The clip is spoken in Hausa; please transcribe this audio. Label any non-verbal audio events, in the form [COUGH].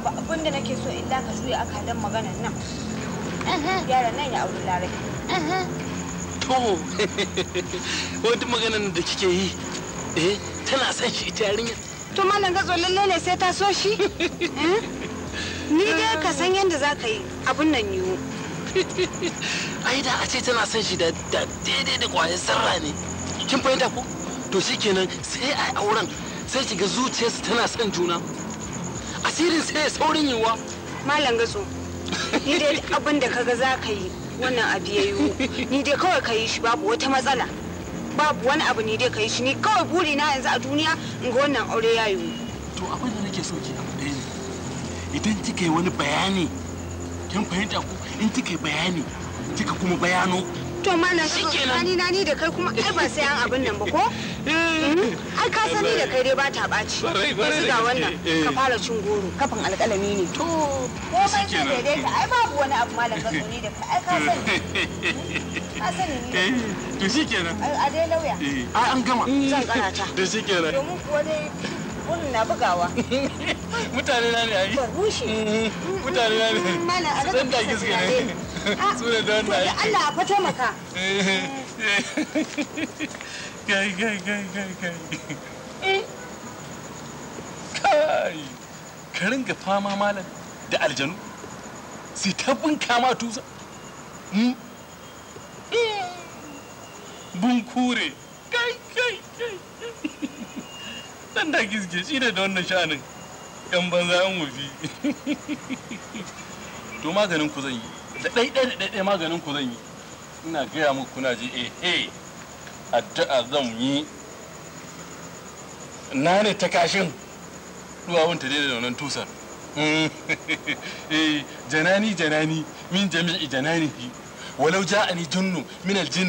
ba abin da nake so in ka juya akalan maganar nan yaran nan ya auri larai to wata maganar da kike yi eh tana son shi ita yarinya to malam ga lalle ne sai ta so shi eh? ni dai ka san yadda za ka yi abin nan yiwu ai da a ce tana son shi da daidai da kwayar sarra ne kin fahimta ko to shikenan sai a auren sai kiga zuciyarsu tana son juna tasirin sai ya saurin yiwa malam gaso ni dai abin da kaga za ka yi wannan abu ya yiwu ni dai kawai ka yi shi babu wata matsala babu wani abu ne dai ka yi shi ni kawai buri na yanzu a duniya in ga wannan aure ya yiwu to abin da nake so ki abu ɗaya ne idan kika yi wani bayani kin fahimta ko in kika yi bayani kika kuma bayano to malam gaso ni na ni da kai kuma ai ba sai an abin nan ba ko eh, ai ka sani da kai dai ba ta ɓaci yanzu ga wannan ka fara cin goro kafin alƙalami ne to ko komai zai daidaita ai babu wani abu malam ka zo ni da kai ai ka sani ka sani ne to shikenan a dai lauya ai an gama zan ta to shikenan domin kuwa dai burin na bugawa mutane na ne ai ban rushe mutane na ne malam a ga da gaskiya ne su da Allah a fata maka kai kai kai kai kai kai ka ringa fama malam da aljanu sai ta bunka ma tusa hmm? hmm. bunkure kai kai kai dan da gizge shi da wannan sha'anin yan banza an wufi to maganin ku zan yi da ɗaiɗai da ɗaiɗai maganin ku zan yi ina gaya muku kuna ji ehe eh addu'a zan yi na ne ta kashin duwawun ta daidai da wannan tusar [LAUGHS] eh, janani janani min jami'i janani walau ja'ani junnu min aljinn